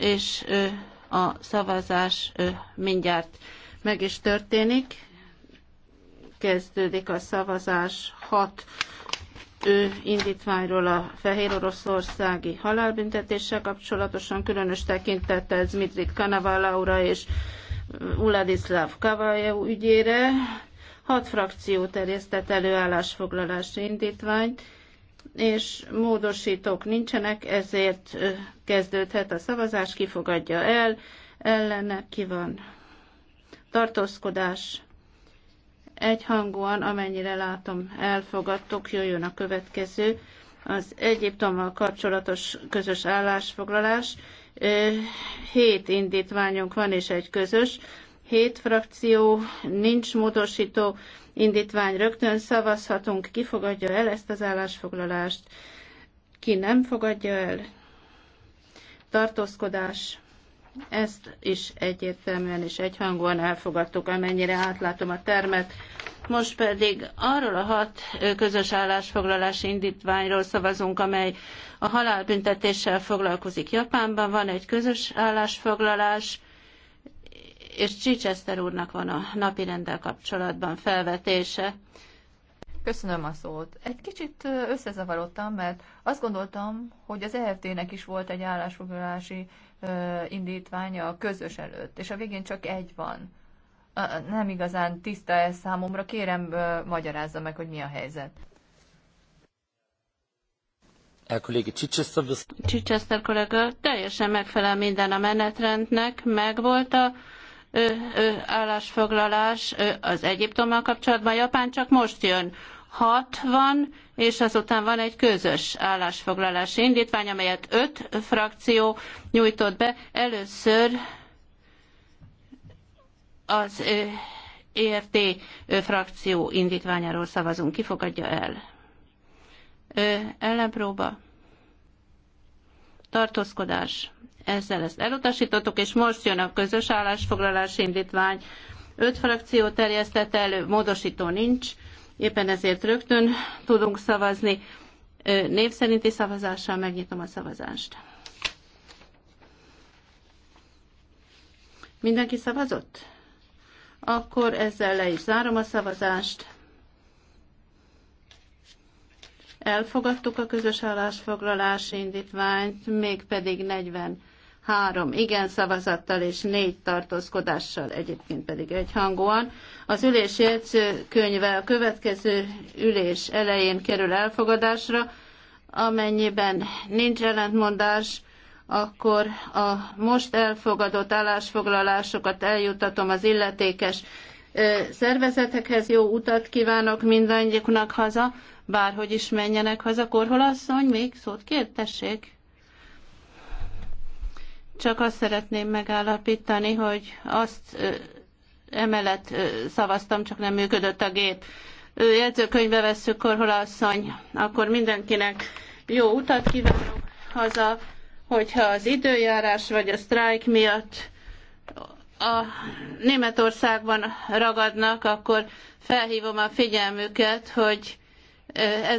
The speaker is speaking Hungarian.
és a szavazás mindjárt meg is történik. Kezdődik a szavazás hat ő indítványról a fehér oroszországi halálbüntetéssel kapcsolatosan, különös tekintettel Zmitrit Kanavalaura és Uladislav Kavajev ügyére. Hat frakció terjesztett előállásfoglalási indítványt, és módosítók nincsenek, ezért kezdődhet a szavazás, ki fogadja el, ellene ki van. Tartózkodás. Egyhangúan, amennyire látom, elfogadtok, jöjjön a következő. Az Egyiptommal kapcsolatos közös állásfoglalás. Hét indítványunk van, és egy közös hét frakció, nincs módosító indítvány, rögtön szavazhatunk, ki fogadja el ezt az állásfoglalást, ki nem fogadja el, tartózkodás, ezt is egyértelműen és egyhangúan elfogadtuk, amennyire átlátom a termet. Most pedig arról a hat közös állásfoglalási indítványról szavazunk, amely a halálbüntetéssel foglalkozik Japánban. Van egy közös állásfoglalás, és Csicseszter úrnak van a napi rendel kapcsolatban felvetése. Köszönöm a szót. Egy kicsit összezavarodtam, mert azt gondoltam, hogy az EFT-nek is volt egy állásfoglalási indítványa a közös előtt, és a végén csak egy van. Nem igazán tiszta ez számomra, kérem magyarázza meg, hogy mi a helyzet. Csicseszter kollega teljesen megfelel minden a menetrendnek, megvolt a állásfoglalás az Egyiptommal kapcsolatban. Japán csak most jön. Hat van, és azután van egy közös állásfoglalási indítvány, amelyet öt frakció nyújtott be. Először az EFT frakció indítványáról szavazunk. Ki fogadja el? Ellenpróba. Tartózkodás ezzel ezt elutasítottuk, és most jön a közös állásfoglalás indítvány. Öt frakció terjesztett elő, módosító nincs, éppen ezért rögtön tudunk szavazni. Név szerinti szavazással megnyitom a szavazást. Mindenki szavazott? Akkor ezzel le is zárom a szavazást. Elfogadtuk a közös állásfoglalási indítványt, mégpedig 40 három igen szavazattal és négy tartózkodással, egyébként pedig egyhangúan. Az ülés jegyzőkönyve a következő ülés elején kerül elfogadásra, amennyiben nincs ellentmondás, akkor a most elfogadott állásfoglalásokat eljutatom az illetékes szervezetekhez. Jó utat kívánok mindannyiuknak haza, bárhogy is menjenek haza. Korholasszony, még szót kértessék. tessék. Csak azt szeretném megállapítani, hogy azt emellett szavaztam, csak nem működött a gép. Jegyzőkönyvbe vesszük Korhola asszony, akkor mindenkinek jó utat kívánok haza, hogyha az időjárás vagy a sztrájk miatt a Németországban ragadnak, akkor felhívom a figyelmüket, hogy ez